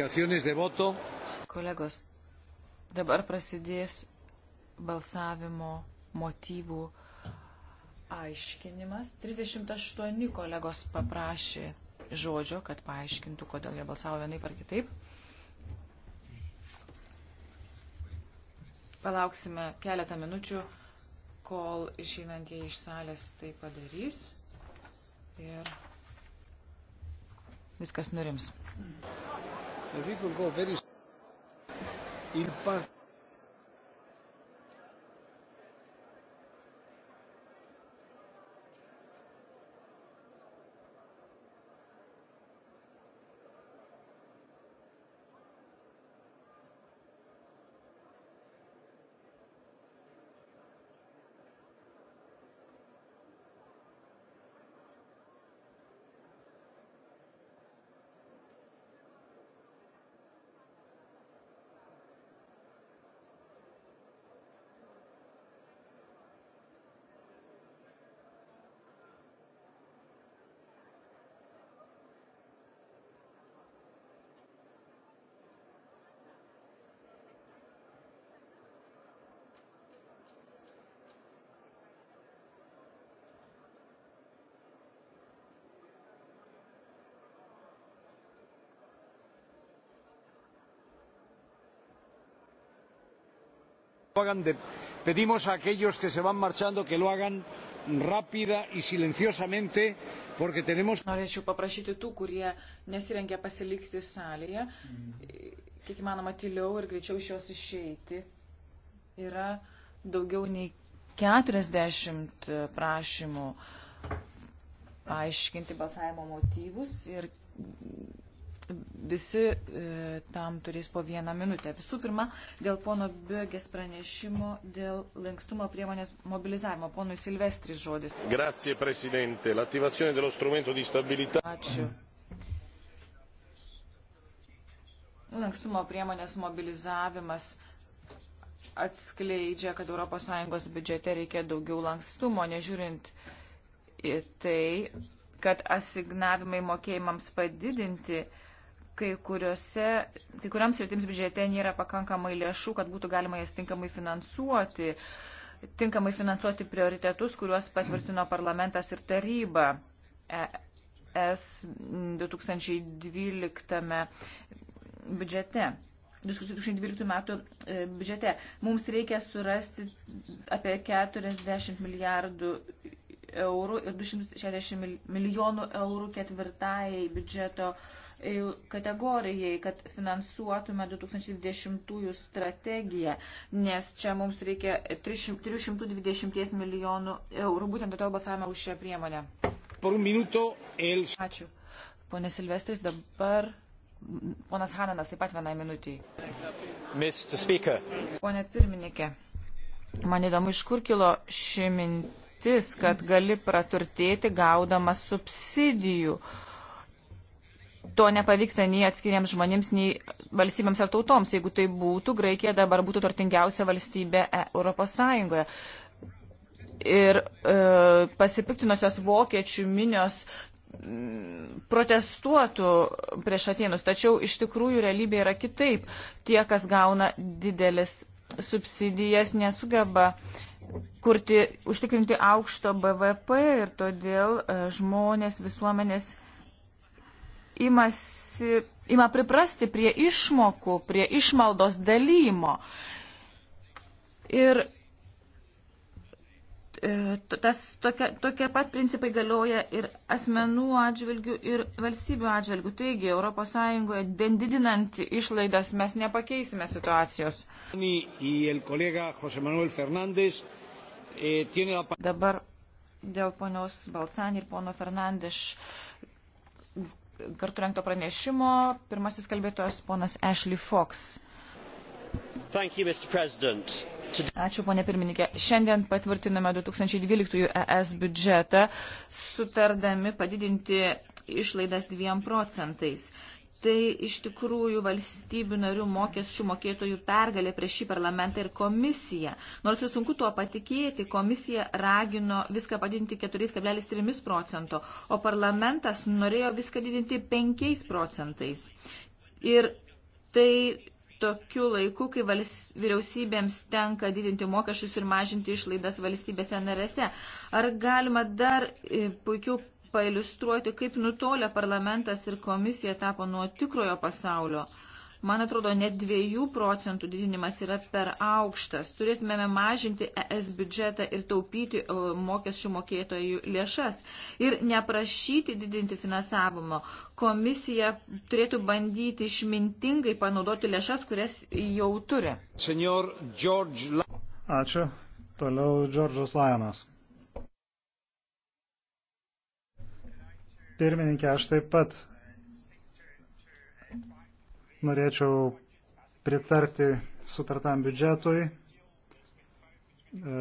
explicaciones de voto. Kolegos, dabar prasidės balsavimo motyvų aiškinimas. 38 kolegos paprašė žodžio, kad paaiškintų, kodėl jie balsavo vienaip ar kitaip. Palauksime keletą minučių, kol išeinantieji iš salės tai padarys. Ir viskas nurims we will go very in part lo hagan de... pedimos a aquellos que se van marchando que lo hagan rápida y silenciosamente porque tenemos Norėčiau paprašyti tų, kurie nesirengia pasilikti salėje, mm. kiek įmanoma tyliau ir greičiau iš jos išeiti. Yra daugiau nei 40 prašymų paaiškinti balsavimo motyvus ir visi e, tam turės po vieną minutę. Visų pirma, dėl pono Bögės pranešimo dėl lankstumo priemonės mobilizavimo. Ponui Silvestris žodis. Grazie, prezidente. L'attivazione dello strumento di stabilità. Ačiū. Lankstumo priemonės mobilizavimas atskleidžia, kad ES biudžete reikia daugiau lankstumo, nežiūrint į tai, kad asignavimai mokėjimams padidinti kai, kuriuose, kai kuriams sritims biudžete nėra pakankamai lėšų, kad būtų galima jas tinkamai finansuoti, tinkamai finansuoti prioritetus, kuriuos patvirtino parlamentas ir taryba. E, ES 2012 biudžete. 2012 metų e, biudžete. Mums reikia surasti apie 40 milijardų eurų ir 260 milijonų eurų ketvirtajai biudžeto e, kategorijai, kad finansuotume 2020 strategiją, nes čia mums reikia 320 milijonų eurų. Būtent todėl balsavome už šią priemonę. El... Ačiū. Pone Silvestris, dabar ponas Hananas taip pat vienai minutiai. Pone pirmininkė, man įdomu, iš kur kilo ši mintis paslaptis, kad gali praturtėti gaudamas subsidijų. To nepavyksta nei atskiriams žmonėms, nei valstybėms ar tautoms. Jeigu tai būtų, Graikija dabar būtų turtingiausia valstybė e, Europos Sąjungoje ir e, pasipiktinusios vokiečių minios mm, protestuotų prieš atėnus. Tačiau iš tikrųjų realybė yra kitaip. Tie, kas gauna didelis subsidijas, nesugeba kurti, užtikrinti aukšto BVP ir todėl e, žmonės, visuomenės imasi, ima priprasti prie išmokų, prie išmaldos dalymo. Ir E, tas, tokia, tokie pat principai galioja ir asmenų atžvilgių, ir valstybių atžvilgių. Taigi, ES didinant išlaidas mes nepakeisime situacijos. Eh, Dabar dėl ponios Balcani ir pono Fernandes kartu renkto pranešimo pirmasis kalbėtojas ponas Ashley Fox. You, Ačiū, ponė pirmininkė. Šiandien patvirtiname 2012 ES biudžetą, sutardami padidinti išlaidas 2 procentais. Tai iš tikrųjų valstybių narių mokesčių mokėtojų pergalė prieš šį parlamentą ir komisiją. Nors ir sunku tuo patikėti, komisija ragino viską padidinti 4,3 procento, o parlamentas norėjo viską didinti 5 procentais. Ir tai tokiu laiku, kai vals, vyriausybėms tenka didinti mokesčius ir mažinti išlaidas valstybėse narėse. Ar galima dar e, puikiau pailustruoti, kaip nutolę parlamentas ir komisija tapo nuo tikrojo pasaulio? Man atrodo, net 2 procentų didinimas yra per aukštas. Turėtumėme mažinti ES biudžetą ir taupyti e, mokesčių mokėtojų lėšas ir neprašyti didinti finansavimo. Komisija turėtų bandyti išmintingai panaudoti lėšas, kurias jau turi. Senor George... Ačiū. Toliau Džordžas Lajonas. Pirmininkė, aš taip pat norėčiau pritarti sutartam biudžetui. E,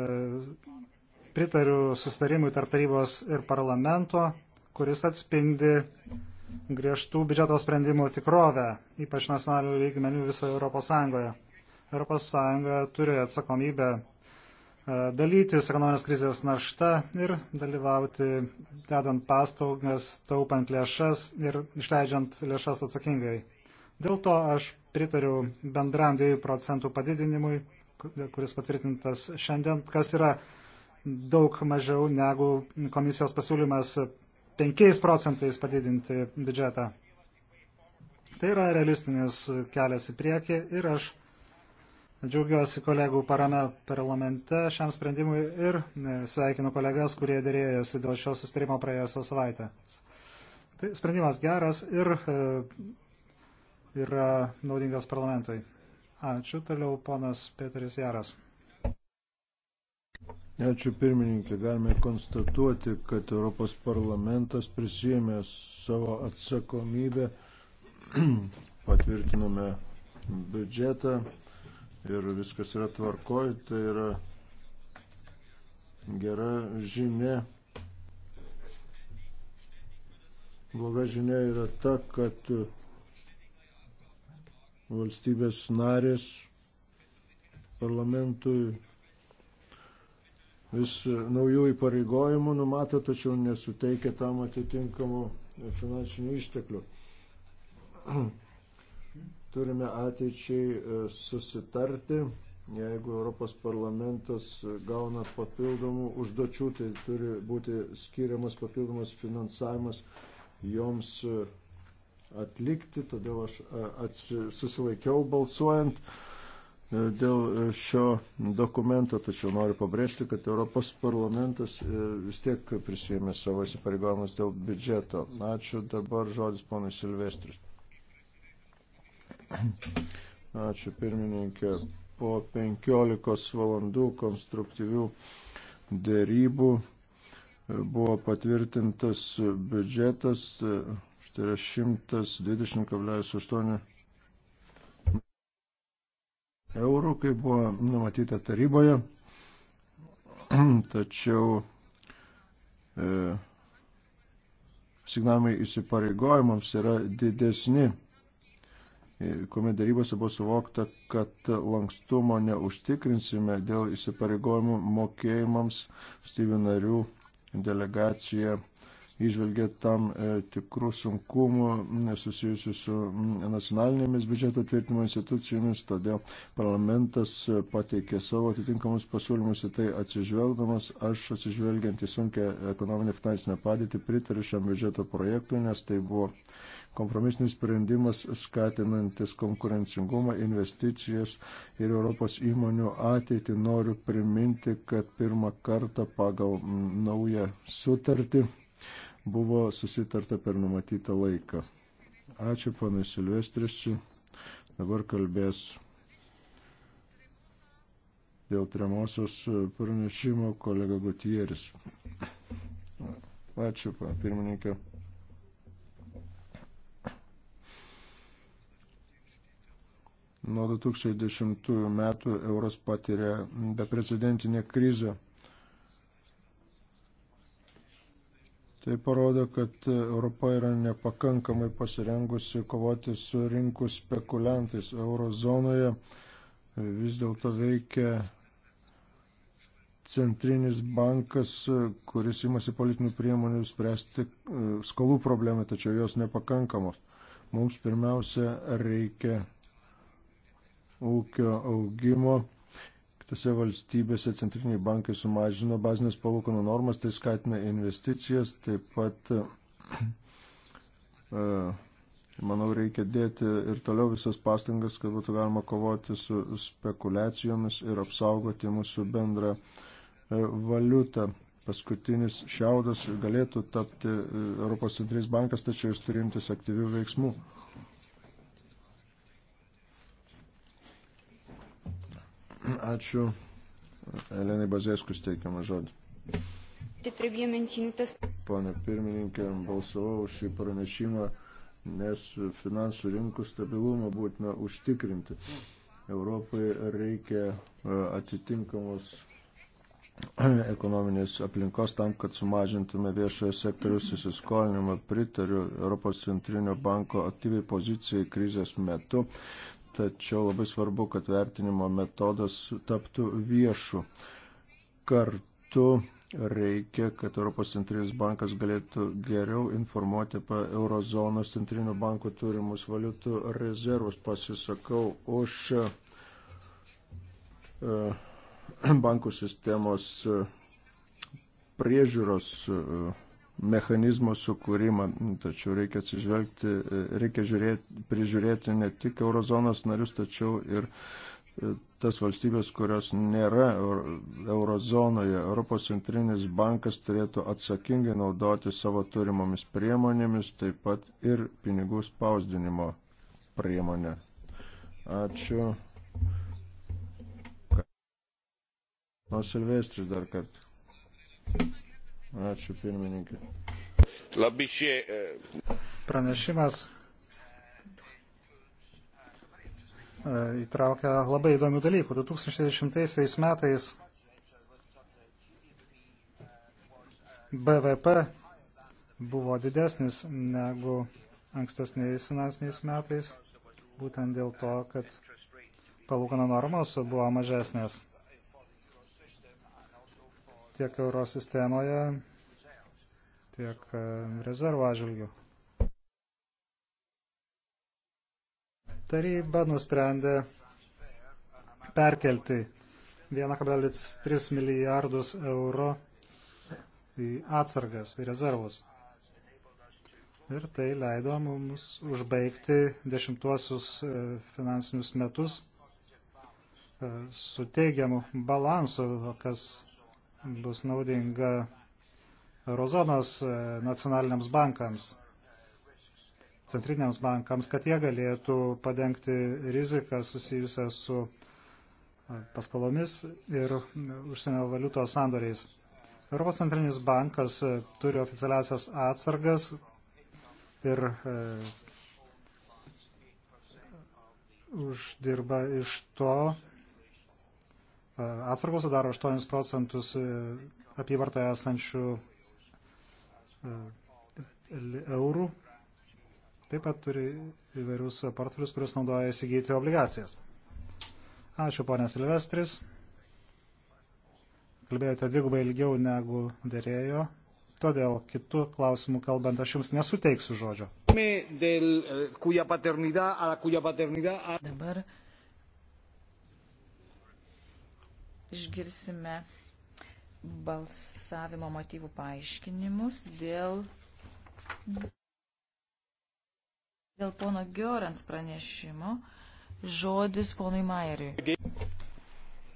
pritariu sustarimui tarp tarybos ir parlamento, kuris atspindi griežtų biudžeto sprendimų tikrovę, ypač nacionalinių lygmenių visoje Europos Sąjungoje. Europos Sąjunga turi atsakomybę e, dalytis ekonominės krizės našta ir dalyvauti dedant pastogas, taupant lėšas ir išleidžiant lėšas atsakingai. Dėl to aš pritariu bendram 2 procentų padidinimui, kuris patvirtintas šiandien, kas yra daug mažiau negu komisijos pasiūlymas 5 procentais padidinti biudžetą. Tai yra realistinis kelias į priekį ir aš džiaugiuosi kolegų parame parlamente šiam sprendimui ir e, sveikinu kolegas, kurie dėrėjosi dėl šio sustarimo praėjusios savaitės. Tai sprendimas geras ir e, yra naudingas parlamentui. Ačiū. Toliau ponas Peteris Jaras. Ačiū pirmininkė. Galime konstatuoti, kad Europos parlamentas prisėmė savo atsakomybę. Patvirtinome biudžetą ir viskas yra tvarkoj. Tai yra gera žinia Bloga žinia yra ta, kad valstybės narės parlamentui vis naujų įpareigojimų numato, tačiau nesuteikia tam atitinkamų finansinių išteklių. Turime ateičiai e, susitarti, jeigu Europos parlamentas gauna papildomų užduočių, tai turi būti skiriamas papildomas finansavimas joms e, atlikti, todėl aš susilaikiau balsuojant e, dėl e, šio dokumento, tačiau noriu pabrėžti, kad Europos parlamentas e, vis tiek prisėmė savo įsipareigojimus dėl biudžeto. Ačiū dabar žodis ponui Silvestris. Ačiū pirmininkė. Po 15 valandų konstruktyvių dėrybų buvo patvirtintas biudžetas tai yra 120,8 eurų, kai buvo numatyta taryboje, tačiau e, signavimai įsipareigojimams yra didesni kuomet darybose buvo suvokta, kad lankstumo neužtikrinsime dėl įsipareigojimų mokėjimams valstybių narių delegacija išvelgia tam e, tikrų sunkumų nesusijusių su nacionalinėmis biudžeto tvirtinimo institucijomis, todėl parlamentas e, pateikė savo atitinkamus pasiūlymus į tai atsižvelgdamas. Aš atsižvelgiant į sunkę ekonominę finansinę padėtį pritariu šiam biudžeto projektui, nes tai buvo kompromisinis sprendimas skatinantis konkurencingumą, investicijas ir Europos įmonių ateitį. Noriu priminti, kad pirmą kartą pagal naują sutartį buvo susitarta per numatytą laiką. Ačiū ponai Silvestrisiu. Dabar kalbės dėl tremosios pranešimo kolega Gutieris. Ačiū, pirmininkė. Nuo 2010 metų euros patiria beprecedentinę krizę. Tai parodo, kad Europa yra nepakankamai pasirengusi kovoti su rinkų spekuliantais. Eurozonoje vis dėlto veikia centrinis bankas, kuris imasi politinių priemonių spręsti e, skolų problemą, tačiau jos nepakankamos. Mums pirmiausia reikia ūkio augimo Tose valstybėse centriniai bankai sumažino bazinės palūkanų normas, tai skatina investicijas, taip pat, e, manau, reikia dėti ir toliau visas pastangas, kad būtų galima kovoti su spekulacijomis ir apsaugoti mūsų bendrą e, valiutą paskutinis šiaudas galėtų tapti e, Europos centrinis bankas, tačiau jis turintis aktyvių veiksmų. Ačiū. Elenai Bazėskui steikiamą žodį. Pone pirmininkė, balsavau už šį pranešimą, nes finansų rinkų stabilumą būtina užtikrinti. Europai reikia e, atitinkamos e, ekonominės aplinkos tam, kad sumažintume viešojo sektoriaus įsiskolinimą. Pritariu Europos centrinio banko aktyviai pozicijai krizės metu tačiau labai svarbu, kad vertinimo metodas taptų viešu. Kartu reikia, kad Europos centrinis bankas galėtų geriau informuoti apie eurozonos centrinio banko turimus valiutų rezervus. Pasisakau už eh, bankų sistemos eh, priežiūros eh, mechanizmo sukūrimą. Tačiau reikia atsižvelgti, reikia žiūrėti, prižiūrėti ne tik eurozonos narius, tačiau ir e, tas valstybės, kurios nėra eurozonoje. Europos centrinis bankas turėtų atsakingai naudoti savo turimomis priemonėmis, taip pat ir pinigų spausdinimo priemonę. Ačiū. Nuo Silvestris dar kartą. Ačiū pirmininkė. Labišė. E, Pranešimas e, įtraukia labai įdomių dalykų. 2010 metais BVP buvo didesnis negu ankstesniais finansiniais metais, būtent dėl to, kad palūkanų normos buvo mažesnės tiek euro sistemoje, tiek e, rezervo atžvilgių. Taryba nusprendė perkelti 1,3 milijardus euro į atsargas, į rezervus. Ir tai leido mums užbaigti dešimtuosius e, finansinius metus e, su teigiamu balansu, kas bus naudinga Eurozonos e, nacionaliniams bankams, centriniams bankams, kad jie galėtų padengti riziką susijusią su e, paskalomis ir e, užsienio valiutos sandoriais. Europos centrinis bankas turi oficialiasias atsargas ir e, uždirba iš to, atsargos sudaro 8 procentus e, apyvartoje esančių e, eurų. Taip pat turi įvairius portfelius, kuris naudoja įsigyti obligacijas. Ačiū, ponė Silvestris. Kalbėjote dvigubai ilgiau negu dėrėjo, todėl kitų klausimų kalbant aš jums nesuteiksiu žodžio. Eh, Dabar išgirsime balsavimo motyvų paaiškinimus dėl, dėl pono Giorans pranešimo. Žodis ponui Mairiui.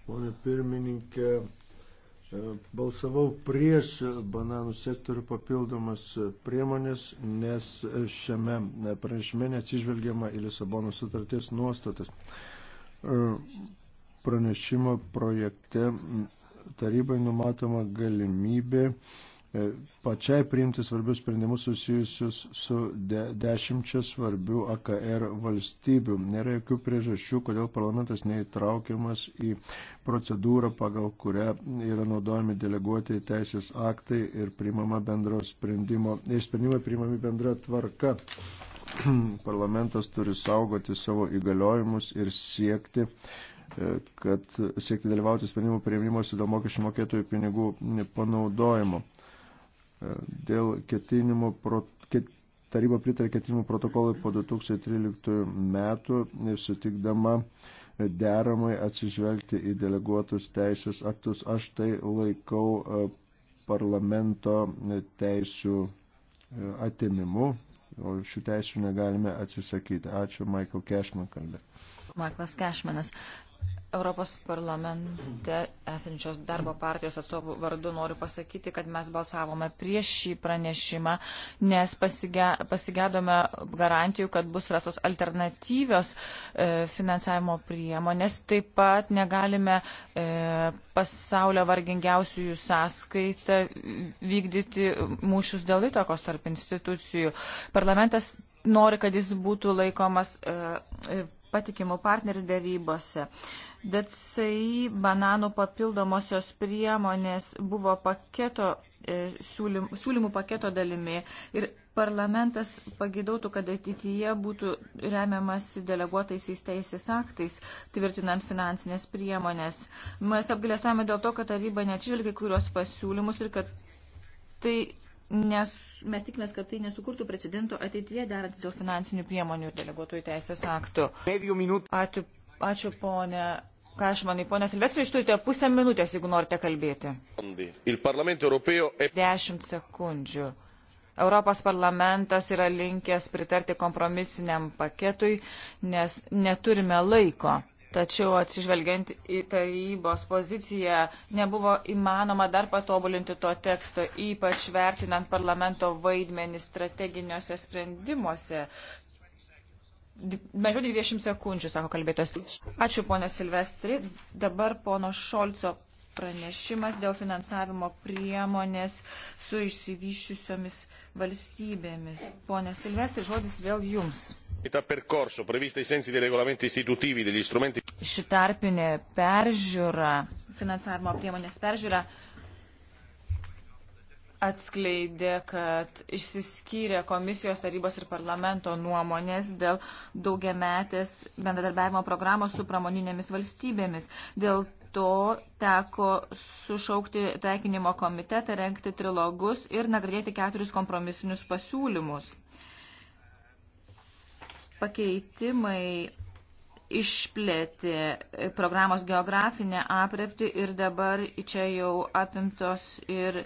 Pone pirmininkė, e, balsavau prieš bananų sektorių papildomas priemonės, nes šiame pranešime neatsižvelgiama į Lisabono sutarties nuostatas. E, pranešimo projekte tarybai numatoma galimybė e, pačiai priimti svarbius sprendimus susijusius su de dešimčia svarbių AKR valstybių. Nėra jokių priežasčių, kodėl parlamentas neįtraukiamas į procedūrą, pagal kurią yra naudojami deleguoti teisės aktai ir sprendimo, ir sprendimai priimami bendra tvarka. parlamentas turi saugoti savo įgaliojimus ir siekti E, kad siekti dalyvauti sprendimų prieimimuose dėl mokesčių mokėtojų pinigų panaudojimo. E, dėl ketinimų, pro, ket, taryba pritarė ketinimų protokolui po 2013 metų, sutikdama deramai atsižvelgti į deleguotus teisės aktus. Aš tai laikau e, parlamento teisų atimimu, o šių teisų negalime atsisakyti. Ačiū, Michael Cashman kalbė. Michaelas Cashmanas. Europos parlamente esančios darbo partijos atstovų vardu noriu pasakyti, kad mes balsavome prieš šį pranešimą, nes pasigėdome garantijų, kad bus rastos alternatyvios e, finansavimo priemonės. Taip pat negalime e, pasaulio vargingiausiųjų sąskaitą vykdyti mūšius dėl įtakos tarp institucijų. Parlamentas nori, kad jis būtų laikomas. E, patikimų partnerių dėrybose. DCI bananų papildomosios priemonės buvo paketo, e, siūlym, siūlymų paketo dalimi ir parlamentas pagidautų, kad ateityje būtų remiamas deleguotaisiais teisės aktais, tvirtinant finansinės priemonės. Mes apgalėsame dėl to, kad taryba neatžvilgia kurios pasiūlymus ir kad tai nes mes tikimės, kad tai nesukurtų precedento ateityje derantis dėl finansinių priemonių ir deleguotojų teisės aktų. Ačiū, ačiū ponė. Ką aš manai, ponė Silvestrai, iš turite pusę minutės, jeigu norite kalbėti. Dešimt sekundžių. Europos parlamentas yra linkęs pritarti kompromisiniam paketui, nes neturime laiko tačiau atsižvelgiant į tarybos poziciją nebuvo įmanoma dar patobulinti to teksto, ypač vertinant parlamento vaidmenį strateginiuose sprendimuose. Mažiau 20 sekundžių, sako kalbėtos. Ačiū, ponė Silvestri. Dabar pono Šolco pranešimas dėl finansavimo priemonės su išsivyščiusiomis valstybėmis. Pone Silvestri, žodis vėl jums. Ši tarpinė peržiūra, finansavimo priemonės peržiūra atskleidė, kad išsiskyrė komisijos tarybos ir parlamento nuomonės dėl daugiametės bendradarbiavimo programos su pramoninėmis valstybėmis. Dėl to teko sušaukti taikinimo komitetą, renkti trilogus ir nagrinėti keturis kompromisinius pasiūlymus pakeitimai išplėtė programos geografinę aprepti ir dabar čia jau apimtos ir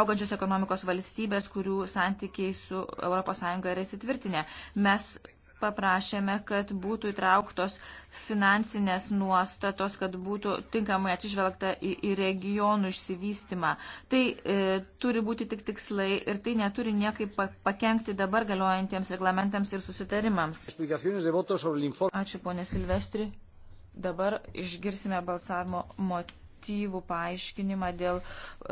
augančios ekonomikos valstybės, kurių santykiai su ES yra įsitvirtinę. Mes paprašėme, kad būtų įtrauktos finansinės nuostatos, kad būtų tinkamai atsižvelgta į, į regionų išsivystimą. Tai e, turi būti tik tikslai ir tai neturi niekaip pakengti dabar galiojantiems reglamentams ir susitarimams. Ačiū, ponė Silvestri. Dabar išgirsime balsavimo motyvų paaiškinimą dėl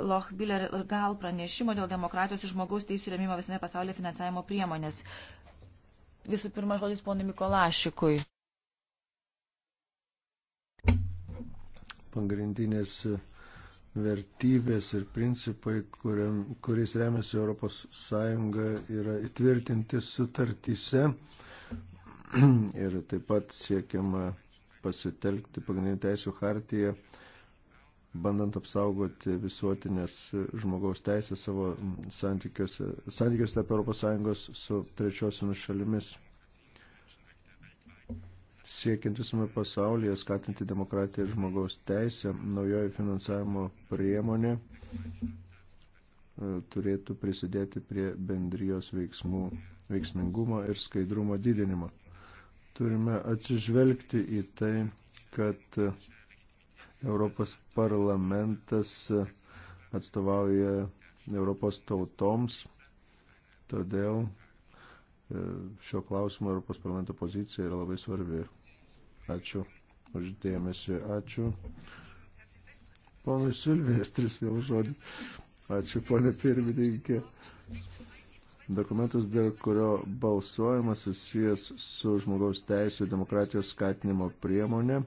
Lochbiller gal pranešimo dėl demokratijos ir žmogaus teisų rėmimo visame pasaulyje finansavimo priemonės. Visų pirma, žodis ponui Mikolašikui. Pagrindinės vertybės ir principai, kuriam, kuriais remiasi Europos Sąjunga, yra įtvirtinti sutartyse ir taip pat siekiama pasitelkti pagrindinį teisų hartiją bandant apsaugoti visuotinės žmogaus teisės savo santykiuose, santykiuose tarp ES su trečiosiomis šalimis, siekiant visame pasaulyje skatinti demokratiją ir žmogaus teisę, naujoji finansavimo priemonė e, turėtų prisidėti prie bendrijos veiksmų, veiksmingumo ir skaidrumo didinimo. Turime atsižvelgti į tai, kad Europos parlamentas atstovauja Europos tautoms, todėl e, šio klausimo Europos parlamento pozicija yra labai svarbi. Ačiū uždėmesi, ačiū. Ponai Silvestris vėl žodį. Ačiū, ponė pirmininkė. Dokumentas, dėl kurio balsuojama susijęs su žmogaus teisų demokratijos skatinimo priemonė.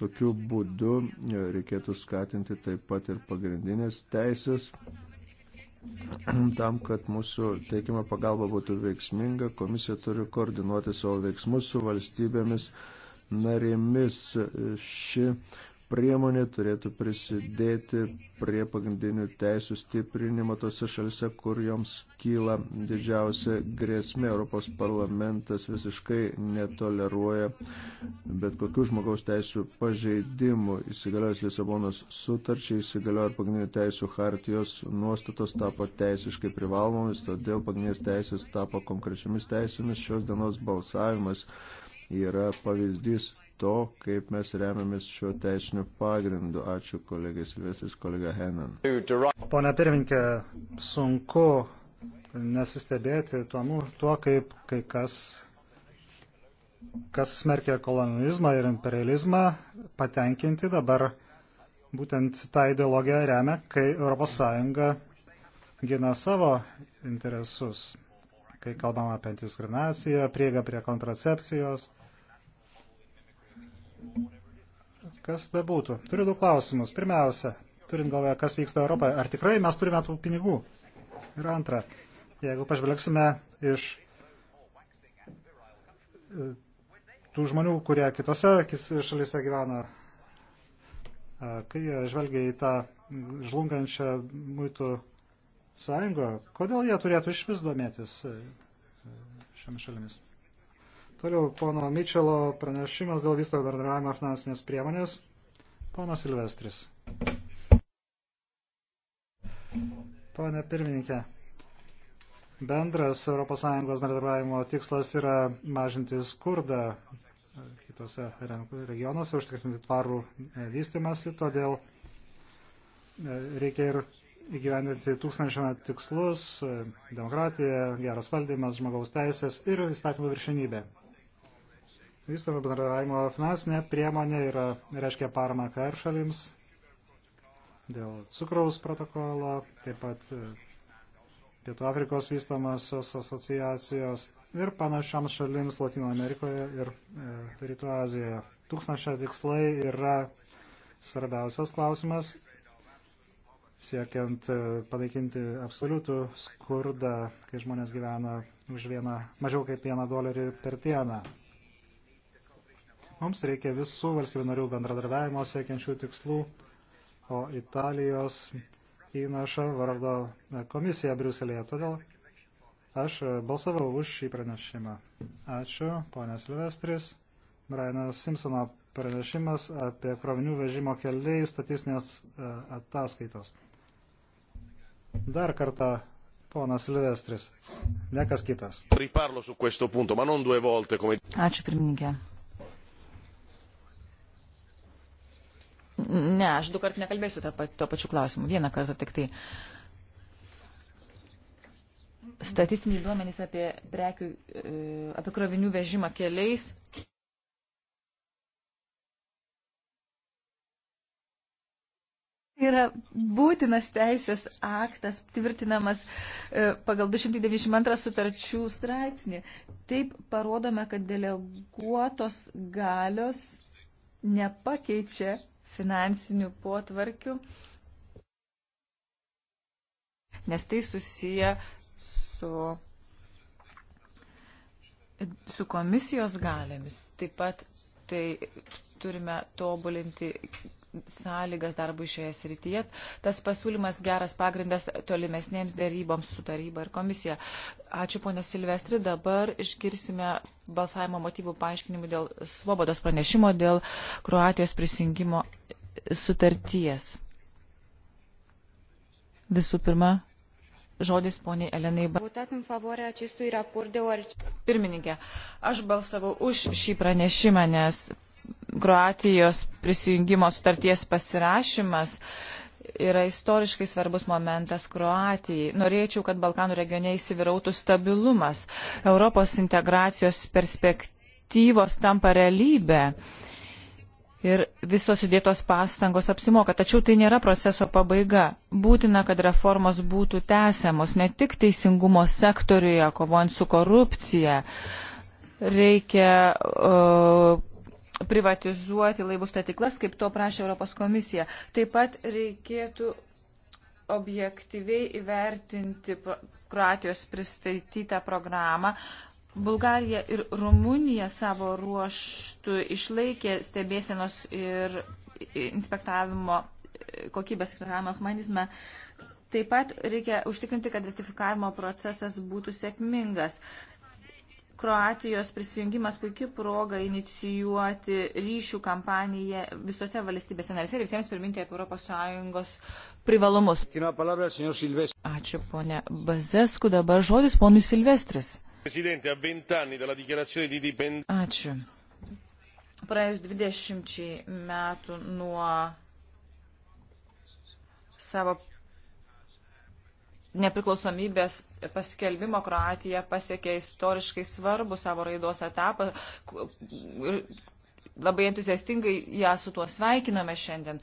Tokiu būdu e, reikėtų skatinti taip pat ir pagrindinės teisės. Tam, kad mūsų teikiama pagalba būtų veiksminga, komisija turi koordinuoti savo veiksmus su valstybėmis narėmis. Ši priemonė turėtų prisidėti prie pagrindinių teisų stiprinimo tose šalise, kur joms kyla didžiausia grėsmė. Europos parlamentas visiškai netoleruoja bet kokių žmogaus teisų pažeidimų. Įsigaliojus Lisabonos sutarčiai, įsigalioja ir pagrindinių teisų hartijos nuostatos tapo teisiškai privalomomis, todėl pagrindinės teisės tapo konkrečiomis teisėmis. Šios dienos balsavimas yra pavyzdys to, kaip mes remiamės šiuo teisiniu pagrindu. Ačiū kolegai Silvesis, kolega Henan. Pone pirminkė, sunku nesistebėti tuo, tuo kaip kai kas, kas smerkia kolonizmą ir imperializmą, patenkinti dabar būtent tą ideologiją remia, kai ES gina savo interesus, kai kalbama apie diskriminaciją, prieigą prie kontracepcijos Kas bebūtų. Turiu du klausimus. Pirmiausia, turint galvoje, kas vyksta Europoje, ar tikrai mes turime tų pinigų? Ir antra, jeigu pažvelgsime iš e, tų žmonių, kurie kitose šalyse gyvena, e, kai jie žvelgia į tą žlungančią muitų sąjungą, kodėl jie turėtų iš vis domėtis e, šiomis šalimis? Toliau pono Mičelo pranešimas dėl vysto bendravimo finansinės priemonės. Ponas Silvestris. Pone pirmininkė, bendras ES bendradarbiavimo tikslas yra mažinti skurdą kitose regionuose, užtikrinti tvarų e, vystimąsi, todėl e, reikia ir įgyvendinti tūkstančio tikslus, e, demokratija, geras valdymas, žmogaus teisės ir įstatymų viršinybė. Vystamo bendradarbiavimo finansinė priemonė yra, reiškia parama KR šalims dėl cukraus protokolo, taip pat e, Pietų Afrikos vystamosios asociacijos ir panašioms šalims Latino Amerikoje ir e, Rytų Azijoje. Tūkstančio tikslai yra svarbiausias klausimas, siekiant e, panaikinti absoliutų skurdą, kai žmonės gyvena už vieną, mažiau kaip vieną dolerį per dieną. Mums reikia visų valstybių narių bendradarbiavimo siekiančių tikslų, o Italijos įnašą vardo komisija Briuselėje. Todėl aš balsavau už šį pranešimą. Ačiū, ponės Silvestris. Brianą Simpsono pranešimas apie krovinių vežimo keliai statistinės e, ataskaitos. Dar kartą ponas Silvestris, ne kas kitas. Ačiū pirmininkė. Ne, aš du kart nekalbėsiu tą, tuo pačiu klausimu. Vieną kartą tik tai. Statistiniai duomenys apie prekių, e, apie krovinių vežimą keliais. Yra būtinas teisės aktas tvirtinamas e, pagal 292 sutarčių straipsnį. Taip parodome, kad deleguotos galios nepakeičia finansinių potvarkių, nes tai susiję su, su komisijos galėmis. Taip pat tai turime tobulinti sąlygas darbui šioje srityje. Tas pasiūlymas geras pagrindas tolimesnėms dėryboms su taryba ir komisija. Ačiū, ponė Silvestri. Dabar išgirsime balsavimo motyvų paaiškinimų dėl svobodos pranešimo dėl Kroatijos prisijungimo sutarties. Visų pirma, žodis poniai Elenai Pirmininkė, aš balsavau už šį pranešimą, nes Kroatijos prisijungimo sutarties pasirašymas yra istoriškai svarbus momentas Kroatijai. Norėčiau, kad Balkanų regione įsivyrautų stabilumas. Europos integracijos perspektyvos tampa realybė. Ir visos įdėtos pastangos apsimoka, tačiau tai nėra proceso pabaiga. Būtina, kad reformos būtų tęsiamos ne tik teisingumo sektoriuje, kovojant su korupcija. Reikia uh, privatizuoti laivų statiklas, kaip to prašė Europos komisija. Taip pat reikėtų objektyviai įvertinti Kroatijos pristatytą programą. Bulgarija ir Rumunija savo ruoštų išlaikė stebėsienos ir inspektavimo kokybės inspektavimo mechanizmą. Taip pat reikia užtikrinti, kad ratifikavimo procesas būtų sėkmingas. Kroatijos prisijungimas puikia proga inicijuoti ryšių kampaniją visose valstybėse narėse ir visiems priminti apie ES privalumus. Ačiū, ponė Bazesku. Dabar žodis ponui Silvestris. Ačiū. Praėjus 20 metų nuo savo nepriklausomybės paskelbimo Kroatija pasiekė istoriškai svarbų savo raidos etapą ir labai entuziastingai ją su tuo sveikiname šiandien.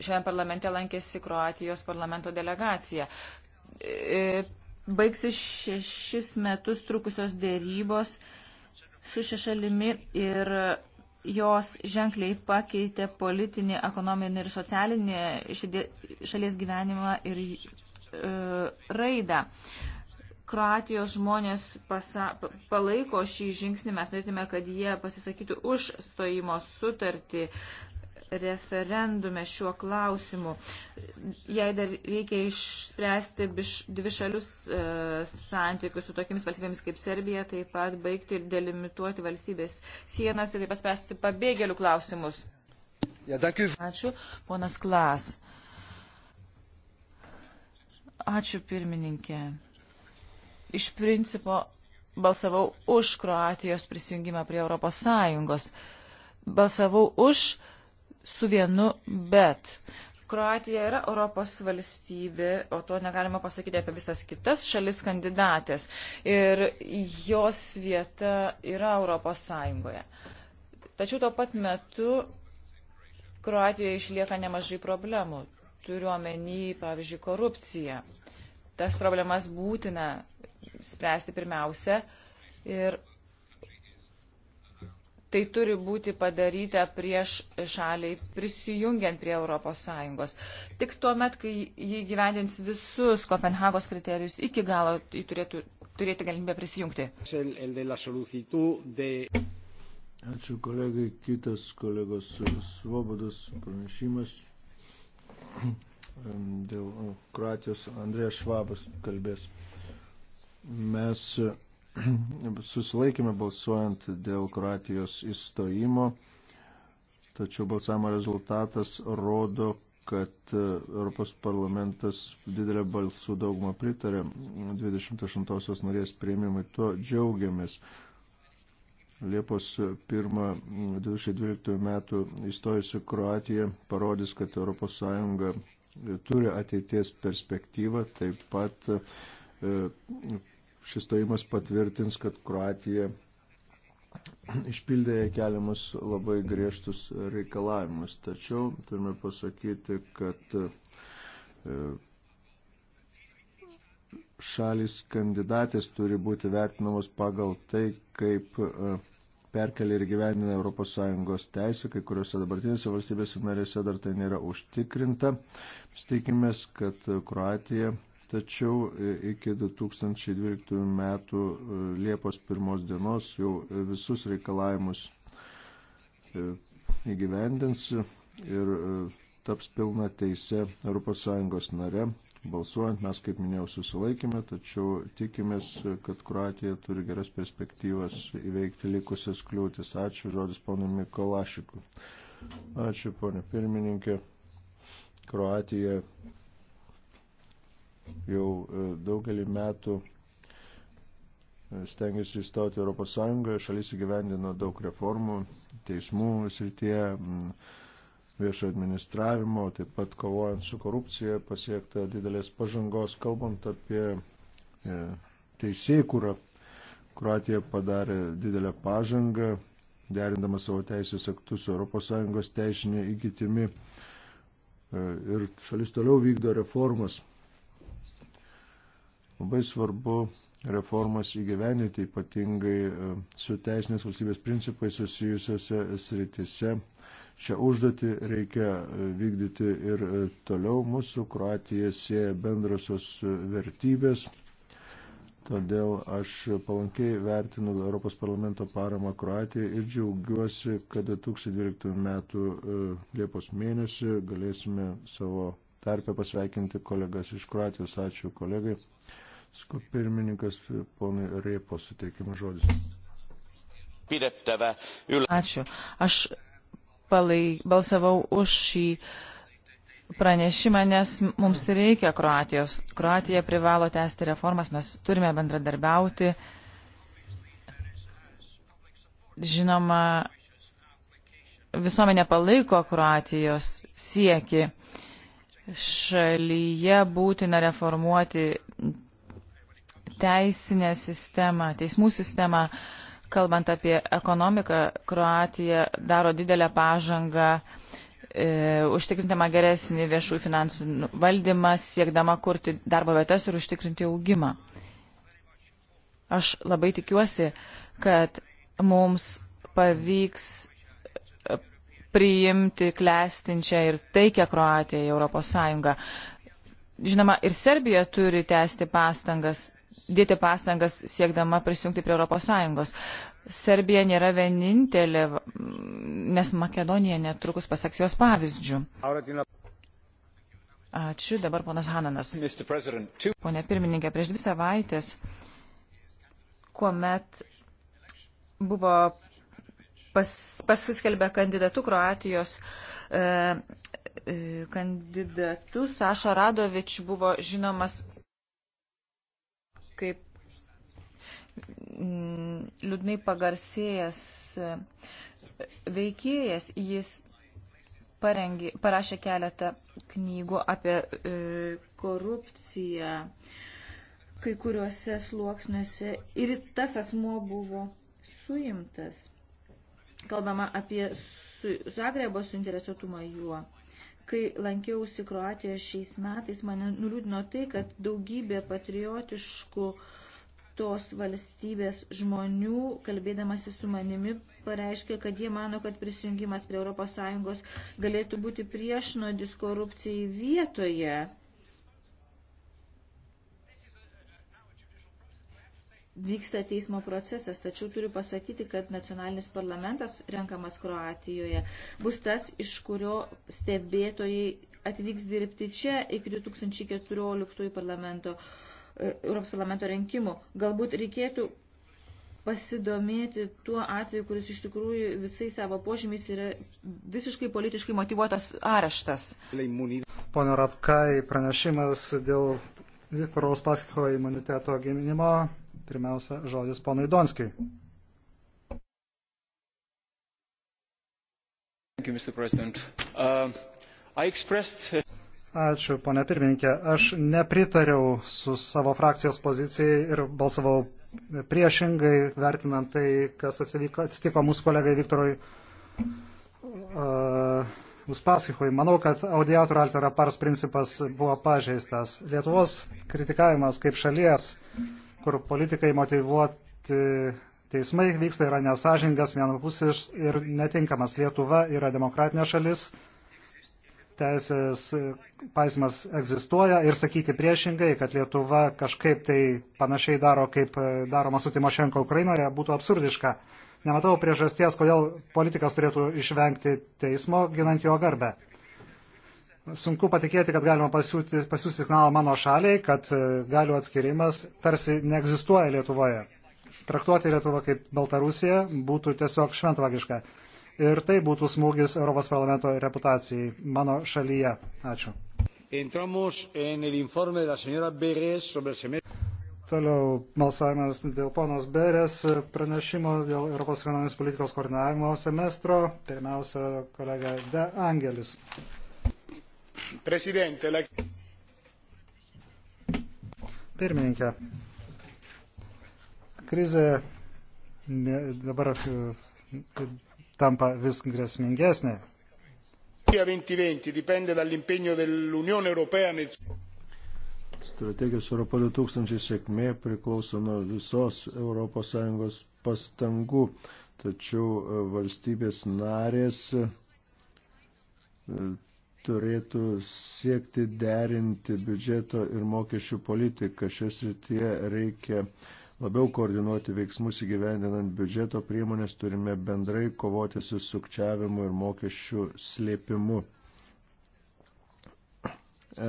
Šiandien parlamente lankėsi Kroatijos parlamento delegacija. E, baigsis šešis metus trukusios dėrybos su šešalimi ir jos ženkliai pakeitė politinį, ekonominį ir socialinį šalies gyvenimą ir E, raidą. Kroatijos žmonės pasa, palaiko šį žingsnį, mes norėtume, kad jie pasisakytų už stojimo sutartį referendume šiuo klausimu. Jei dar reikia išspręsti biš, dvi šalius e, santykius su tokiamis valstybėmis kaip Serbija, taip pat baigti ir delimituoti valstybės sienas ir taip pat spręsti pabėgėlių klausimus. Ja, Ačiū, ponas Klas. Ačiū pirmininkė. Iš principo balsavau už Kroatijos prisijungimą prie Europos Sąjungos. Balsavau už su vienu bet. Kroatija yra Europos valstybė, o to negalima pasakyti apie visas kitas šalis kandidatės. Ir jos vieta yra Europos Sąjungoje. Tačiau tuo pat metu Kroatijoje išlieka nemažai problemų turiu omeny, pavyzdžiui, korupciją. Tas problemas būtina spręsti pirmiausia ir tai turi būti padaryta prieš šaliai prisijungiant prie ES. Tik tuo met, kai jį gyvendins visus Kopenhagos kriterijus, iki galo jį turėtų turėti galimybę prisijungti. Ačiū kolegai, kitas kolegos svobodas pranešimas dėl Kroatijos Andrėjas Švabas kalbės. Mes eh, susilaikėme balsuojant dėl Kroatijos įstojimo, tačiau balsavimo rezultatas rodo, kad eh, Europos parlamentas didelę balsų daugumą pritarė 28-osios norės prieimimui. Tuo džiaugiamės. Liepos 1-2012 metų įstojusi Kroatija parodys, kad ES turi ateities perspektyvą. Taip pat e, šis stojimas patvirtins, kad Kroatija išpildė keliamus labai griežtus reikalavimus. Tačiau turime pasakyti, kad e, šalis kandidatės turi būti vertinamos pagal tai, kaip uh, perkelia ir gyvenina ES teisę, kai kuriuose dabartinėse valstybėse narėse dar tai nėra užtikrinta. Steikimės, kad Kroatija tačiau iki 2012 metų e, Liepos pirmos dienos jau visus reikalavimus e, įgyvendins ir e, taps pilna teise ES nare. Balsuojant mes, kaip minėjau, susilaikėme, tačiau tikimės, kad Kroatija turi geras perspektyvas įveikti likusias kliūtis. Ačiū, žodis ponui Mikolašikui. Ačiū, ponė pirmininkė. Kroatija jau e, daugelį metų e, stengiasi įstoti Europos Sąjungoje, šalis įgyvendino daug reformų, teismų srityje, viešo administravimo, taip pat kovojant su korupcija pasiekta didelės pažangos, kalbant apie e, teisėjų, kurą Kroatija padarė didelę pažangą, derindama savo teisės aktus su ES teisinė įgytimi e, ir šalis toliau vykdo reformas. Labai svarbu reformas įgyveninti, ypatingai e, su teisinės valstybės principais susijusiose sritise, Šią užduotį reikia e, vykdyti ir e, toliau. Mūsų Kroatija sieja bendrasios e, vertybės. Todėl aš palankiai vertinu Europos parlamento paramą Kroatijai ir džiaugiuosi, kad 2012 m. Liepos mėnesį galėsime savo tarpę pasveikinti kolegas iš Kroatijos. Ačiū kolegai. Sako pirmininkas ponui Repo suteikimas žodis. Ačiū. Aš palai, balsavau už šį pranešimą, nes mums reikia Kroatijos. Kroatija privalo tęsti reformas, mes turime bendradarbiauti. Žinoma, visuomenė palaiko Kroatijos sieki. Šalyje būtina reformuoti teisinę sistemą, teismų sistemą, uh, Kalbant apie ekonomiką, Kroatija daro didelę pažangą, e, užtikrintama geresnį viešų finansų valdymą, siekdama kurti darbo vietas ir užtikrinti augimą. Aš labai tikiuosi, kad mums pavyks e, priimti klestinčią ir taikę Kroatiją į Europos Sąjungą. Žinoma, ir Serbija turi tęsti pastangas dėti pastangas siekdama prisijungti prie ES. Serbija nėra vienintelė, nes Makedonija netrukus pasaks jos pavyzdžių. Ačiū, dabar ponas Hananas. Pone pirmininkė, prieš dvi savaitės, kuomet buvo pas, pasiskelbę kandidatų Kroatijos e, e, kandidatų, Saša Radovič buvo žinomas kaip mm, liūdnai pagarsėjęs e, veikėjas, jis parengė, parašė keletą knygų apie e, korupciją kai kuriuose sluoksniuose ir tas asmuo buvo suimtas. Kalbama apie su, Zagrebo suinteresuotumą juo. Kai lankiausi Kroatijoje šiais metais, mane nuliūdino tai, kad daugybė patriotiškų tos valstybės žmonių, kalbėdamasi su manimi, pareiškė, kad jie mano, kad prisijungimas prie ES galėtų būti priešnodis korupcijai vietoje. vyksta teismo procesas, tačiau turiu pasakyti, kad nacionalinis parlamentas renkamas Kroatijoje bus tas, iš kurio stebėtojai atvyks dirbti čia iki 2014 parlamento, e, Europos parlamento rinkimų. Galbūt reikėtų pasidomėti tuo atveju, kuris iš tikrųjų visai savo požymis yra visiškai politiškai motivuotas areštas. Pone Rapkai, pranešimas dėl Viktoro Uspaskicho imuniteto gynimo Pirmiausia, žodis ponui Donskijui. Uh, uh, Ačiū, ponė pirmininkė. Aš nepritariau su savo frakcijos pozicijai ir balsavau priešingai, vertinant tai, kas atsivyko, atsitiko mūsų kolegai Viktorui uh, Uspaskichui. Manau, kad audiator altera pars principas buvo pažeistas. Lietuvos kritikavimas kaip šalies uh, kur politikai motivuoti teismai vyksta yra nesažingas, vienapusis ir netinkamas. Lietuva yra demokratinė šalis, teisės paisimas egzistuoja ir sakyti priešingai, kad Lietuva kažkaip tai panašiai daro, kaip daroma su Timošenko Ukrainoje, būtų absurdiška. Nematau priežasties, kodėl politikas turėtų išvengti teismo ginant jo garbę sunku patikėti, kad galima pasiūti, pasiūsti signalą mano šaliai, kad e, galių atskirimas tarsi neegzistuoja Lietuvoje. Traktuoti Lietuvą kaip Baltarusiją būtų tiesiog šventvagiška. Ir tai būtų smūgis Europos parlamento reputacijai mano šalyje. Ačiū. Toliau balsavimas dėl ponos Berės pranešimo dėl Europos ekonominės politikos koordinavimo semestro. Pirmiausia, kolega De Angelis. Presidente, la... Pirmininkė, krizė dabar e, tampa vis grėsmingesnė. 2020 dipende dall'impegno dell'Unione Europea nel... Strategijos Europo 2000 sėkmė priklauso nuo visos ES pastangų, tačiau e, valstybės narės e, turėtų siekti derinti biudžeto ir mokesčių politiką. Šios rytyje reikia labiau koordinuoti veiksmus įgyvendinant biudžeto priemonės, turime bendrai kovoti su sukčiavimu ir mokesčių slėpimu.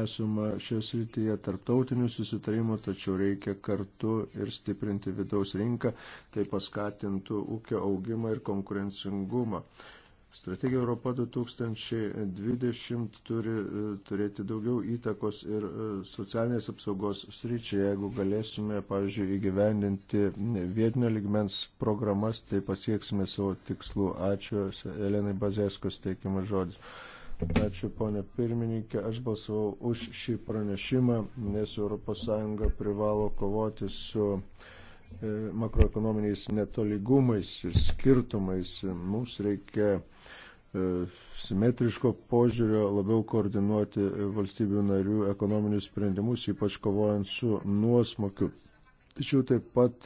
Esama šios rytyje tarptautinių susitarimų, tačiau reikia kartu ir stiprinti vidaus rinką, tai paskatintų ūkio augimą ir konkurencingumą. Strategija Europa 2020 turi e, turėti daugiau įtakos ir e, socialinės apsaugos sryčiai. Jeigu galėsime, pavyzdžiui, įgyvendinti vietinio ligmens programas, tai pasieksime savo tikslų. Ačiū Elenai Bazėskos teikiamas žodis. Ačiū, ponė pirmininkė. Aš balsavau už šį pranešimą, nes ES privalo kovoti su E, makroekonominiais netoligumais ir skirtumais. Mums reikia e, simetriško požiūrio labiau koordinuoti valstybių narių ekonominius sprendimus, ypač kovojant su nuosmokiu. Tačiau taip pat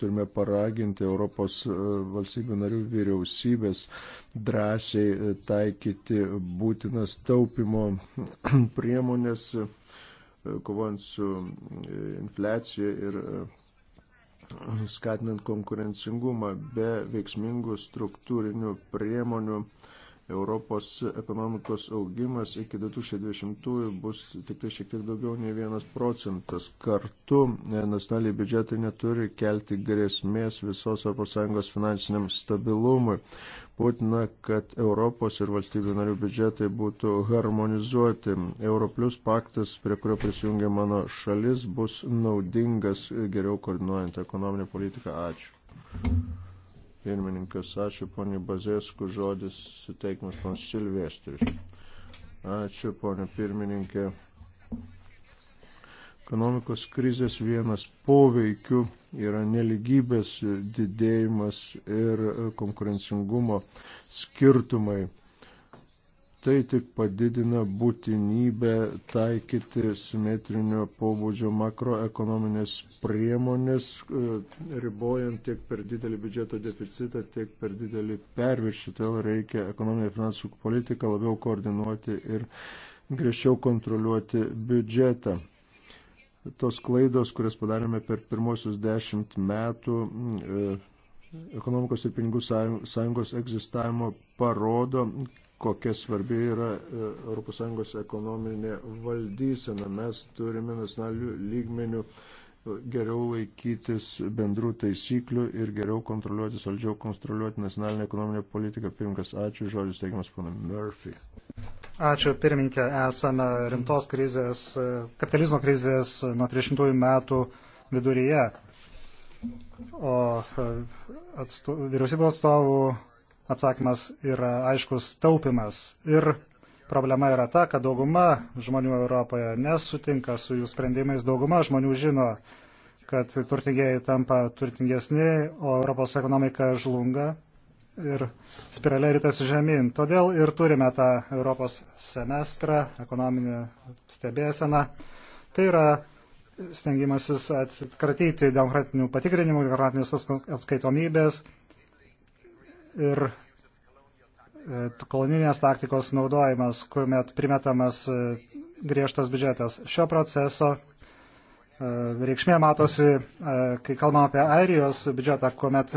turime paraginti Europos e, valstybių narių vyriausybės drąsiai taikyti būtinas taupimo priemonės, kovant su infliacija ir skatinant konkurencingumą be veiksmingų struktūrinių priemonių Europos ekonomikos augimas iki 2020-ųjų bus tik tai šiek tiek daugiau nei vienas procentas. Kartu e, nacionaliai biudžetai neturi kelti grėsmės visos ES finansiniam stabilumui. Būtina, kad Europos ir valstybių narių biudžetai būtų harmonizuoti. Europlius paktas, prie kurio prisijungia mano šalis, bus naudingas geriau koordinuojant ekonominę politiką. Ačiū. Pirmininkas, ačiū poniai Bazėskų, žodis suteikimas pons Silvestris. Ačiū ponia pirmininkė. Ekonomikos krizės vienas poveikių yra neligybės didėjimas ir konkurencingumo skirtumai Tai tik padidina būtinybę taikyti simetrinio pobūdžio makroekonominės priemonės, e, ribojant tiek per didelį biudžeto deficitą, tiek per didelį perviršį. Todėl reikia ekonominę finansų politiką labiau koordinuoti ir griežčiau kontroliuoti biudžetą tos klaidos, kurias padarėme per pirmosius dešimt metų e, ekonomikos ir pinigų sąjungos egzistavimo, parodo, kokia svarbi yra ES ekonominė valdysena. Mes turime nacionalių lygmenių e, geriau laikytis bendrų taisyklių ir geriau kontroliuoti, saldžiau kontroliuoti nacionalinę ekonominę politiką. Pirmkas, ačiū, žodis teikiamas pana Murphy. Ačiū, pirmininkė, esame rimtos krizės, e, kapitalizmo krizės nuo 30-ųjų metų viduryje. O e, atstu, vyriausybės atstovų atsakymas yra aiškus taupimas. Ir problema yra ta, kad dauguma žmonių Europoje nesutinka su jų sprendimais, dauguma žmonių žino, kad turtingieji tampa turtingesni, o Europos ekonomika žlunga ir spiralė rytas žemyn. Todėl ir turime tą Europos semestrą, ekonominę stebėseną. Tai yra stengimasis atsikratyti demokratinių patikrinimų, demokratinės atskaitomybės ir E, koloninės taktikos naudojimas, kuomet primetamas e, griežtas biudžetas. Šio proceso e, reikšmė matosi, kai kalbam apie Airijos biudžetą, kuomet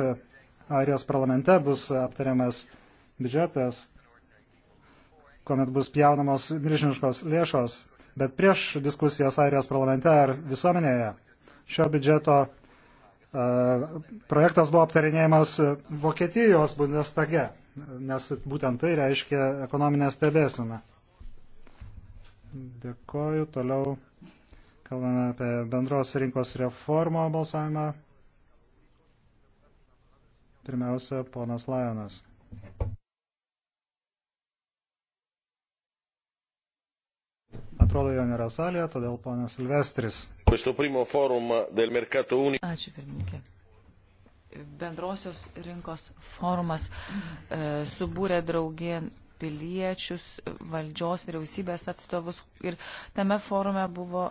Airijos parlamente bus aptariamas biudžetas, kuomet bus pjaunamos milžiniškos lėšos, bet prieš diskusijas Airijos parlamente ar visuomenėje šio biudžeto projektas buvo aptarinėjamas Vokietijos bundestage nes būtent tai reiškia ekonominę stebėsiną. Dėkoju. Toliau kalbame apie bendros rinkos reformo balsavimą. Pirmiausia, ponas Lajonas. Atrodo, jo nėra salėje, todėl ponas Silvestris. Ačiū pirmininkė bendrosios rinkos formas e, subūrė draugė piliečius, valdžios, vyriausybės atstovus ir tame forume buvo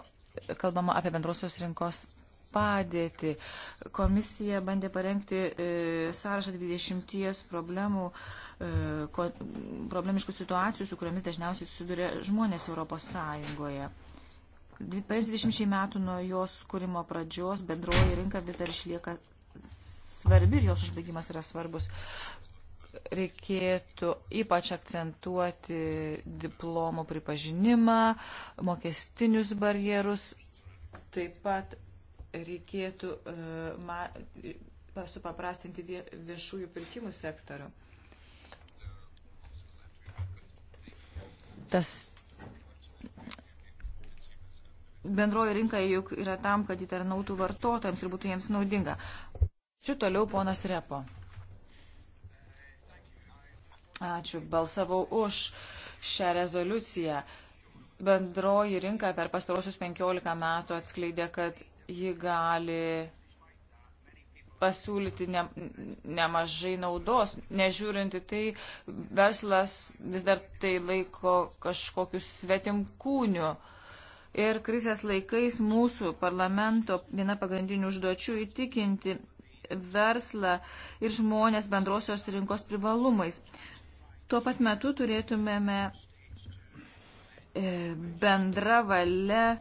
kalbama apie bendrosios rinkos padėtį. Komisija bandė parengti e, sąrašą 20 problemų, e, ko, problemiškų situacijų, su kuriamis dažniausiai susiduria žmonės Europos Sąjungoje. Praėjus 20 metų nuo jos kūrimo pradžios bendroji rinka vis dar išlieka svarbi ir jos užbaigimas yra svarbus. Reikėtų ypač akcentuoti diplomų pripažinimą, mokestinius barjerus, taip pat reikėtų uh, ma, supaprastinti vie, viešųjų pirkimų sektorių. Tas bendroji rinka juk yra tam, kad įtarnautų vartotojams ir būtų jiems naudinga. Čia toliau ponas Repo. Ačiū, balsavau už šią rezoliuciją. Bendroji rinka per pastarosius 15 metų atskleidė, kad ji gali pasiūlyti ne, nemažai naudos. Nežiūrinti tai, verslas vis dar tai laiko kažkokius svetimkūnių. Ir krizės laikais mūsų parlamento viena pagrindinių užduočių įtikinti verslą ir žmonės bendrosios rinkos privalumais. Tuo pat metu turėtumėme e, bendra valia e,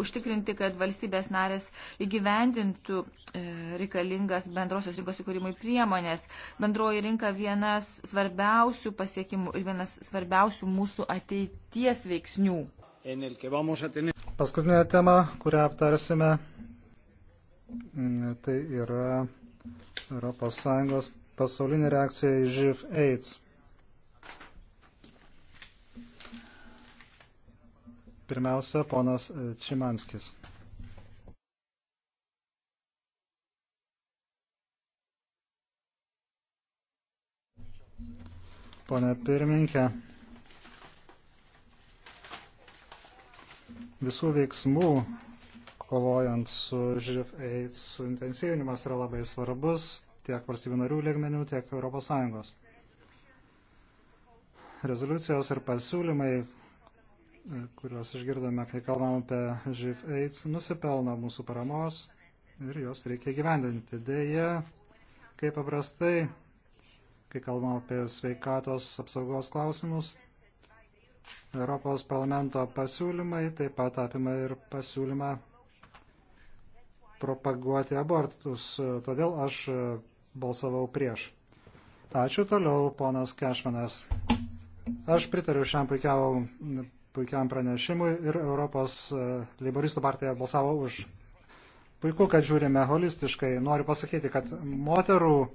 užtikrinti, kad valstybės narės įgyvendintų e, reikalingas bendrosios rinkos įkūrimui priemonės. Bendroji rinka vienas svarbiausių pasiekimų ir vienas svarbiausių mūsų ateities veiksnių. Paskutinė tema, kurią aptarsime, Mm, tai yra ES pasaulinė reakcija į živ AIDS. Pirmiausia, ponas Čimanskis. Pone pirmininkė, visų veiksmų kovojant su živ AIDS suintensyvinimas yra labai svarbus tiek valstybių narių lygmenių, tiek ES. Rezoliucijos ir pasiūlymai, e, kuriuos išgirdome, kai kalbam apie živ AIDS, nusipelno mūsų paramos ir juos reikia gyvendinti. Deja, kaip paprastai, kai kalbam apie sveikatos apsaugos klausimus, Europos parlamento pasiūlymai taip pat apima ir pasiūlymą propaguoti abortus. Todėl aš e, balsavau prieš. Ačiū toliau, ponas Kešmanas. Aš pritariu šiam puikiau, puikiam pranešimui ir Europos e, Leiboristų partija balsavo už. Puiku, kad žiūrime holistiškai. Noriu pasakyti, kad moterų e,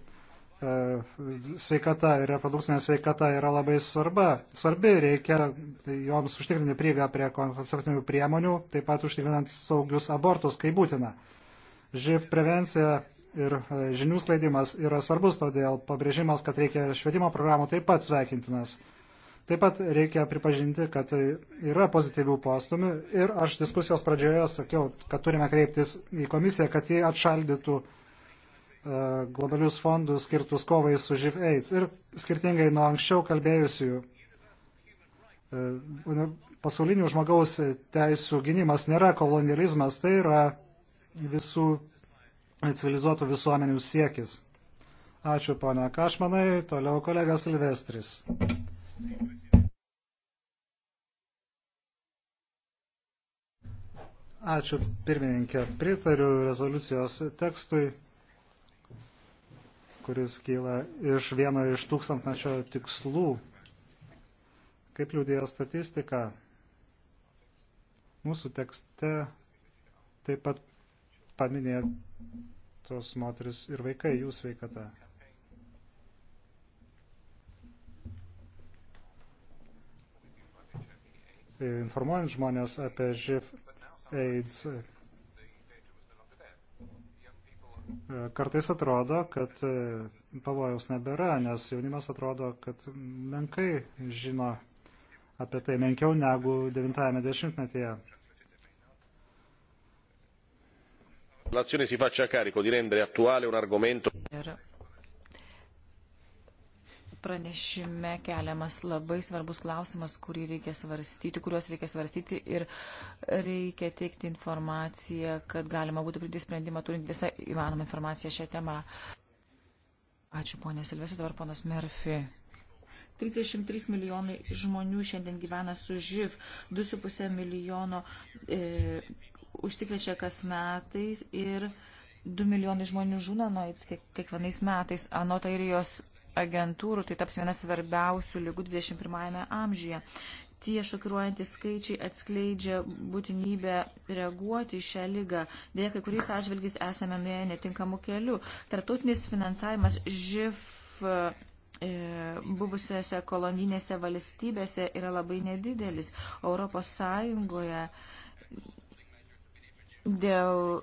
sveikata ir reprodukcinė sveikata yra labai svarba. svarbi, reikia joms užtikrinti prieigą prie kontraceptinių priemonių, taip pat užtikrinant saugius abortus, kai būtina. Živ prevencija ir e, žinių skleidimas yra svarbus, todėl pabrėžimas, kad reikia švietimo programų taip pat sveikintinas. Taip pat reikia pripažinti, kad yra pozityvių postumių ir aš diskusijos pradžioje sakiau, kad turime kreiptis į komisiją, kad jie atšaldytų e, globalius fondus skirtus kovai su živ AIDS. Ir skirtingai nuo anksčiau kalbėjusių, e, pasaulinių žmogaus teisų gynimas nėra kolonializmas, tai yra visų civilizuotų visuomenių siekis. Ačiū, ponia Kašmanai. Toliau kolega Silvestris. Ačiū, pirmininkė. Pritariu rezoliucijos tekstui, kuris kyla iš vieno iš tūkstantmečio tikslų. Kaip liūdėjo statistika, mūsų tekste taip pat paminėtos moteris ir vaikai, jų sveikata. informuojant žmonės apie živ AIDS. Kartais atrodo, kad e, pavojaus nebėra, nes jaunimas atrodo, kad menkai žino apie tai menkiau negu 90-metyje. Nazione si faccia carico di rendere attuale un argomento. Ir pranešime keliamas labai svarbus klausimas, kurį reikia svarstyti, kuriuos reikia svarstyti ir reikia teikti informaciją, kad galima būtų priimti sprendimą, turint visą įmanomą informaciją šią temą. Ačiū, ponė Silvesis, dabar ponas Merfi. 33 milijonai žmonių šiandien gyvena su živ, 2,5 milijono e, užsikrečia kas metais ir 2 milijonai žmonių žūna nuo AIDS kiekvienais metais. Anot airijos agentūrų tai taps vienas svarbiausių lygų 21 amžiuje. Tie šokiruojantys skaičiai atskleidžia būtinybę reaguoti į šią lygą. Dėja, kai kuriais atžvilgiais esame nuėję netinkamų kelių. Tartautinis finansavimas živ e, buvusiose kolonijinėse valstybėse yra labai nedidelis. Europos Sąjungoje uh, dėl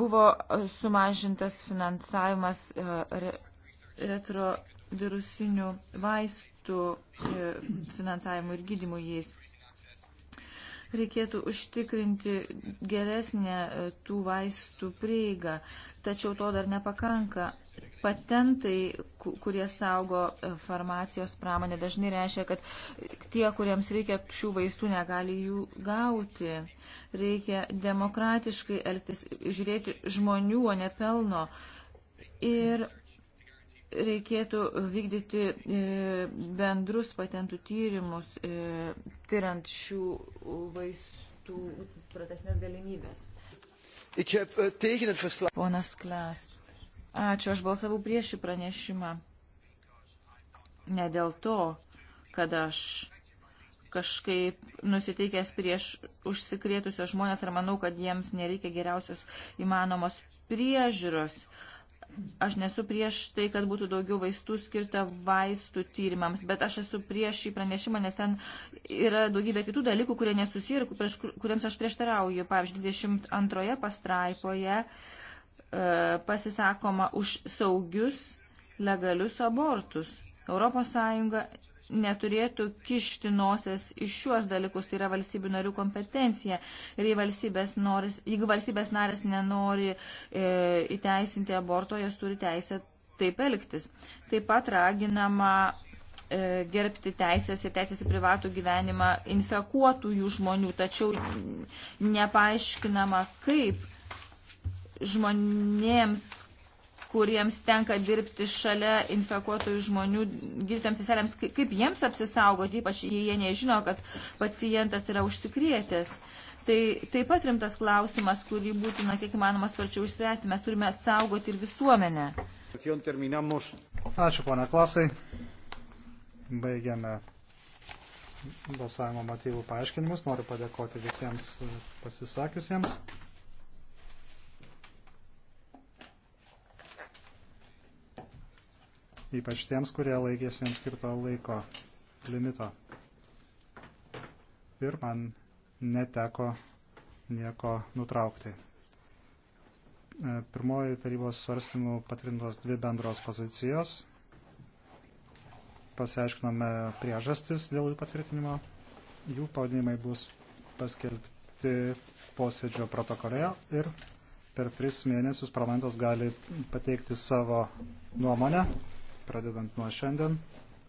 buvo sumažintas finansavimas e, retrovirusinių vaistų e, finansavimui ir gydimui jais. Reikėtų užtikrinti geresnę e, tų vaistų prieigą, tačiau to dar nepakanka. Patentai, kurie saugo e, farmacijos pramonė, dažnai reiškia, kad tie, kuriems reikia šių vaistų, negali jų gauti. Reikia demokratiškai elgtis, žiūrėti žmonių, o ne pelno. Ir reikėtų vykdyti e, bendrus patentų tyrimus, e, tyriant šių vaistų pratesnės galimybės. Eh, Ponas Klas. Ačiū, aš balsavau prieš šį pranešimą. Ne dėl to, kad aš kažkaip nusiteikęs prieš užsikrėtusios žmonės ir manau, kad jiems nereikia geriausios įmanomos priežiūros. Aš nesu prieš tai, kad būtų daugiau vaistų skirta vaistų tyrimams, bet aš esu prieš šį pranešimą, nes ten yra daugybė kitų dalykų, kurie nesusiję ir kuriems aš prieštarauju. Pavyzdžiui, 22 pastraipoje uh, pasisakoma už saugius, legalius abortus. ES neturėtų kišti nosies iš šiuos dalykus, tai yra valstybių narių kompetencija. Ir jei valstybės, noris, jeigu valstybės narės nenori e, įteisinti aborto, jos turi teisę taip elgtis. Taip pat raginama e, gerbti teisės ir teisės į privatų gyvenimą infekuotųjų žmonių, tačiau nepaaiškinama, kaip žmonėms, kuriems tenka dirbti šalia infekuotųjų žmonių, gydytams seselėms, kaip jiems apsisaugoti, ypač jei jie nežino, kad pacientas yra užsikrėtęs. Tai taip pat rimtas klausimas, kurį būtina kiek įmanoma sparčiau išspręsti. Mes turime saugoti ir visuomenę. Ačiū, pana klasai. Baigiame balsavimo motyvų paaiškinimus. Noriu padėkoti visiems pasisakiusiems. ypač tiems, kurie laikėsi jiems skirto laiko limito. Ir man neteko nieko nutraukti. E, pirmoji tarybos svarstymų patrintos dvi bendros pozicijos. Pasiaiškinome priežastis dėl jų patvirtinimo. Jų pavadinimai bus paskelbti posėdžio protokole ir per tris mėnesius parlamentas gali pateikti savo nuomonę pradedant nuo šiandien.